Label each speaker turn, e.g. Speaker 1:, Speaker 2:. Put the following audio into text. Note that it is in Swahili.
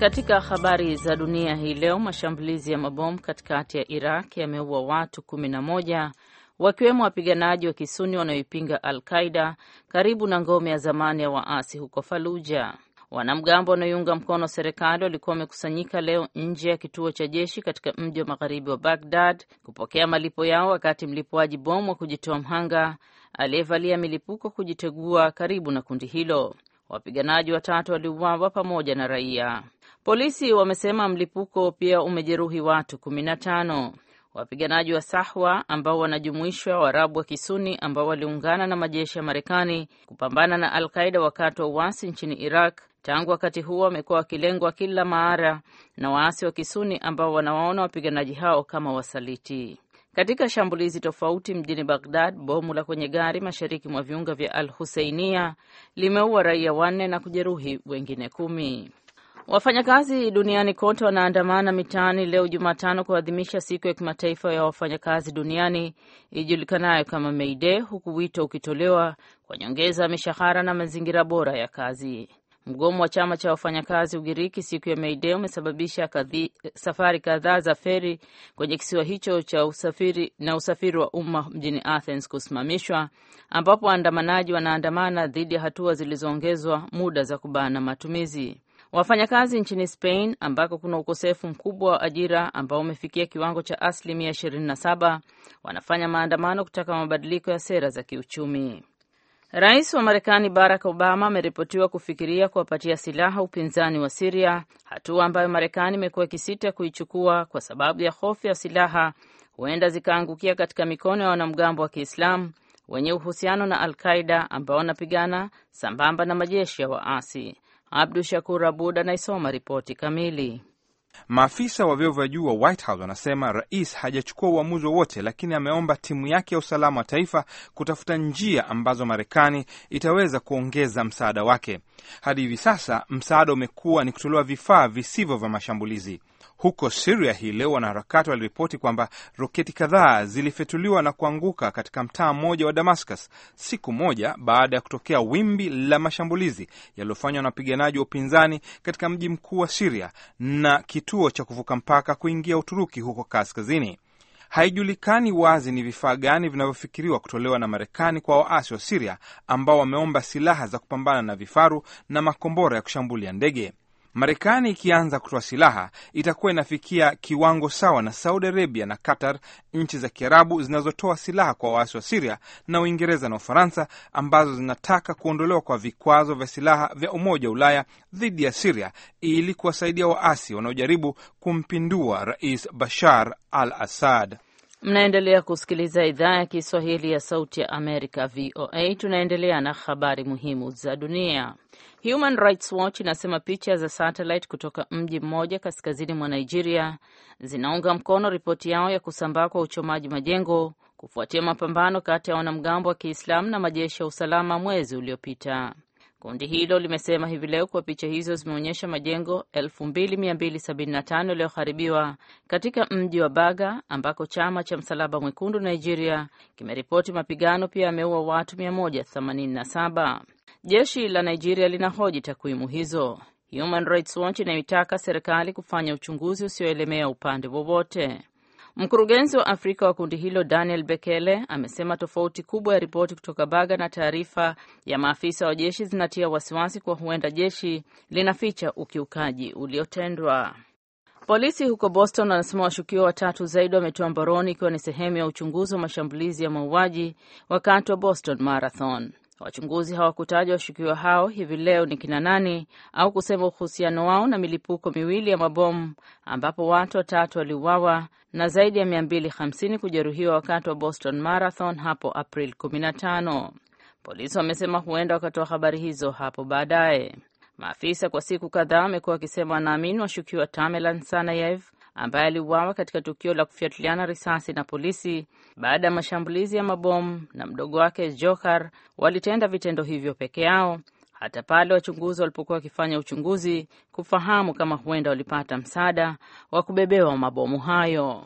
Speaker 1: Katika habari za dunia hii leo, mashambulizi ya mabomu katikati ya Iraq yameua watu 11 wakiwemo wapiganaji wa kisuni wanaoipinga Al Qaida karibu na ngome ya zamani ya waasi huko Faluja. Wanamgambo wanaoiunga mkono serikali walikuwa wamekusanyika leo nje ya kituo cha jeshi katika mji wa magharibi wa Bagdad kupokea malipo yao, wakati mlipuaji bomu wa kujitoa mhanga aliyevalia milipuko kujitegua karibu na kundi hilo. Wapiganaji watatu waliuawa pamoja na raia. Polisi wamesema mlipuko pia umejeruhi watu 15. Wapiganaji wa Sahwa ambao wanajumuishwa Waarabu wa Kisuni ambao waliungana na majeshi ya Marekani kupambana na Al Qaida wakati wa uasi nchini Iraq. Tangu wakati huo wamekuwa wakilengwa kila mara na waasi wa Kisuni ambao wanawaona wapiganaji hao kama wasaliti. Katika shambulizi tofauti mjini Baghdad, bomu la kwenye gari mashariki mwa viunga vya Al Huseinia limeua raia wanne na kujeruhi wengine kumi. Wafanyakazi duniani kote wanaandamana mitaani leo Jumatano kuadhimisha siku ya kimataifa ya wafanyakazi duniani ijulikanayo kama May Day, huku wito ukitolewa kwa nyongeza ya mishahara na mazingira bora ya kazi. Mgomo wa chama cha wafanyakazi Ugiriki siku ya May Day umesababisha safari kadhaa za feri kwenye kisiwa hicho cha usafiri na usafiri wa umma mjini Athens kusimamishwa, ambapo waandamanaji wanaandamana dhidi ya hatua zilizoongezwa muda za kubana matumizi. Wafanyakazi nchini Spain ambako kuna ukosefu mkubwa wa ajira ambao umefikia kiwango cha asilimia 27 wanafanya maandamano kutaka mabadiliko ya sera za kiuchumi. Rais wa Marekani Barack Obama ameripotiwa kufikiria kuwapatia silaha upinzani wa Siria, hatua ambayo Marekani imekuwa ikisita kuichukua kwa sababu ya hofu ya silaha huenda zikaangukia katika mikono ya wanamgambo wa Kiislamu wenye uhusiano na Al Qaida ambao wanapigana sambamba na majeshi ya waasi. Abdu Shakur Abud anaisoma ripoti kamili.
Speaker 2: Maafisa wa vyeo vya juu wa White House wanasema rais hajachukua uamuzi wowote, lakini ameomba timu yake ya usalama wa taifa kutafuta njia ambazo Marekani itaweza kuongeza msaada wake. Hadi hivi sasa msaada umekuwa ni kutolewa vifaa visivyo vya mashambulizi. Huko Siria hii leo, wanaharakati waliripoti kwamba roketi kadhaa zilifyatuliwa na kuanguka katika mtaa mmoja wa Damascus siku moja baada ya kutokea wimbi la mashambulizi yaliyofanywa na wapiganaji wa upinzani katika mji mkuu wa Siria na kituo cha kuvuka mpaka kuingia Uturuki huko kaskazini. Haijulikani wazi ni vifaa gani vinavyofikiriwa kutolewa na Marekani kwa waasi wa Siria ambao wameomba silaha za kupambana na vifaru na makombora ya kushambulia ndege. Marekani ikianza kutoa silaha itakuwa inafikia kiwango sawa na Saudi Arabia na Qatar, nchi za Kiarabu zinazotoa silaha kwa waasi wa Siria, na Uingereza na Ufaransa ambazo zinataka kuondolewa kwa vikwazo vya silaha vya Umoja wa Ulaya dhidi ya Siria ili kuwasaidia waasi wanaojaribu kumpindua Rais Bashar al Assad.
Speaker 1: Mnaendelea kusikiliza idhaa ya Kiswahili ya Sauti ya Amerika, VOA. Tunaendelea na habari muhimu za dunia. Human Rights Watch inasema picha za satellite kutoka mji mmoja kaskazini mwa Nigeria zinaunga mkono ripoti yao ya kusambaa kwa uchomaji majengo kufuatia mapambano kati ya wanamgambo wa Kiislamu na majeshi ya usalama mwezi uliopita. Kundi hilo limesema hivi leo kuwa picha hizo zimeonyesha majengo 2275 yaliyoharibiwa katika mji wa Baga ambako chama cha Msalaba Mwekundu Nigeria kimeripoti mapigano pia yameua watu 187. Jeshi la Nigeria linahoji takwimu hizo. Human Rights Watch inaitaka serikali kufanya uchunguzi usioelemea upande wowote. Mkurugenzi wa Afrika wa kundi hilo Daniel Bekele amesema tofauti kubwa ya ripoti kutoka Baga na taarifa ya maafisa wa jeshi zinatia wasiwasi kwa huenda jeshi linaficha ukiukaji uliotendwa. Polisi huko Boston wanasema washukiwa watatu zaidi wametiwa mbaroni ikiwa ni sehemu ya uchunguzi wa mashambulizi ya mauaji wakati wa Boston Marathon. Wachunguzi hawakutaja washukiwa hao hivi leo ni kina nani au kusema uhusiano wao na milipuko miwili ya mabomu ambapo watu watatu waliuawa na zaidi ya 250 kujeruhiwa wakati wa Boston Marathon hapo April 15. Polisi wamesema huenda wakatoa habari hizo hapo baadaye. Maafisa kwa siku kadhaa wamekuwa wakisema wanaamini washukiwa Tamerlan Sanayev ambaye aliuawa katika tukio la kufiatiliana risasi na polisi baada ya mashambulizi ya mabomu na mdogo wake Johar walitenda vitendo hivyo peke yao hata pale wachunguzi walipokuwa wakifanya uchunguzi kufahamu kama huenda walipata msaada wa kubebewa mabomu hayo.